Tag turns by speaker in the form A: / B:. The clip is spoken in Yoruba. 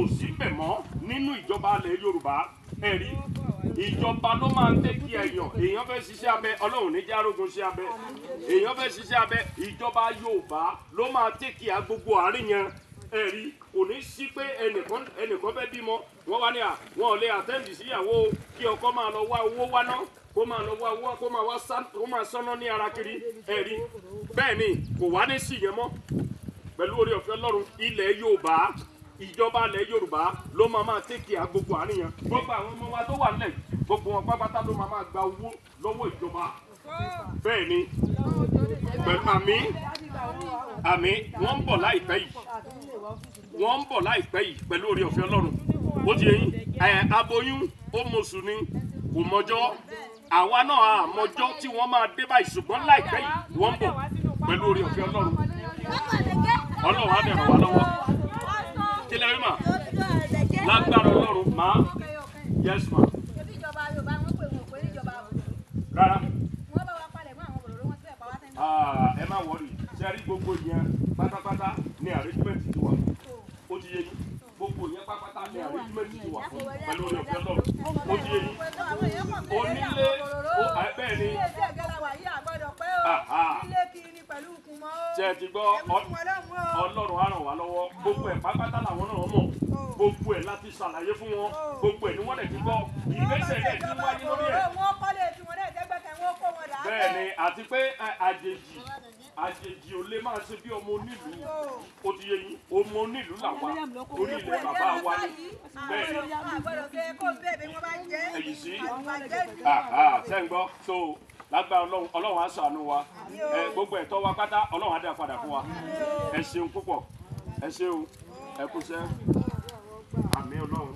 A: ò síbẹ̀ mọ́ nínú ìjọba ilẹ̀ yorùbá ẹ̀rí ìjọba ló máa ń tẹ́kí ẹ̀yàn èèyàn fẹ́ ṣiṣẹ́ abẹ ọlọ́run ní járógun ṣe abẹ èèyàn fẹ́ ṣiṣẹ́ abẹ ìjọba yorùbá ló máa tẹ́kí agbogbo àárín yẹn ẹ̀rí kò ní sí pé ẹnìkan ẹnìkan fẹ́ bímọ wọ́n wá ní à wọn ò lè àtẹ́ǹdì síyàwó kí ọkọ máa lọ wá owó wá náà kó máa lọ wá owó kó máa wá kó máa sọ́nà ní ara kiri ẹ̀rí bẹ́ẹ̀ ni kò wá ní sí yẹn mọ́ pẹ̀lú orí ọ̀fẹ́ ọlọ́run ilẹ̀ yorùbá ìjọba ilẹ̀ yorùbá ló máa máa tẹ́kì agogo àárín yẹn gbogbo àwọn ọmọ wa tó wà nílẹ̀ gbogbo wọn pápátá ló máa máa gba owó lọ́wọ́ ìjọba bẹ́ẹ̀ ni pẹ̀lú àmì àmì wọ́n ń bọ̀ láìpẹ́ yìí wọ́n ń bọ̀ láìpẹ́ yìí pẹ̀lú orí ọ̀fẹ́ ọlọ́run ó ti yẹn ẹ̀ aboyún ó mọ̀sùn ni kò mọjọ́ àwa náà àmọ́jọ́ tí wọ́n máa dé báyìí ṣùgbọ́n láìpẹ́ yìí wọ́n ń bọ̀ pẹ̀lú orí ọ̀fẹ́ ọlọ́run ọlọ́run á dẹ̀rọ̀ wá lọ́wọ́. yes ma. ebi ìjọba Yorùbá wọn pè wọn pé ìjọba òdòdó. rárá. wọn bá wa palẹ̀ mọ́ àwọn òdòdó wọn sílẹ̀ pa wá sẹ́yìn. Ah, ẹ má arrangement ti wà ó ti yé yín gbogbo yẹn pátápátá ní arrangement ti wà fún pẹ̀lú ọ̀nà ọ̀fẹ́ lọ́rùn ó ti yé yín onílé ah. ni. ilé iṣẹ́ ìgbẹ́lá wà yí àgbọ̀dọ̀ pé ó ilé kiri pẹ̀lú gbogbo ẹ̀ pátápátá làwọn náà gbogbo ẹ̀ láti ṣàlàyé fún wọn gbogbo ẹ̀ ni wọ́n lẹ̀ ti gbọ́ ìgbésẹ̀ lẹ̀ ti wáyé lórí ẹ̀. wọ́n kọ́lé tiwọn náà ẹ̀ẹ́dẹ́gbẹ̀kẹ́ wọn kó wọn rà á. bẹ́ẹ̀ni àti pé àjèjì àjèjì ò lè máa ṣe bí ọmọ onílùú o ti yé yín ọmọ onílùú làwa orí ilẹ̀ bàbá wa ni bẹ́ẹ̀ni. èyí sí sẹ́ńgbọ́ so lágbára ọlọ́run ọlọ́run á ṣàánú wa gbogbo ẹ̀tọ́ wa pátá ọlọ́run á dá padà fún wa ẹ ṣeun púpọ̀ ẹ ṣeun ẹ kúṣẹ́. 啊，没有弄。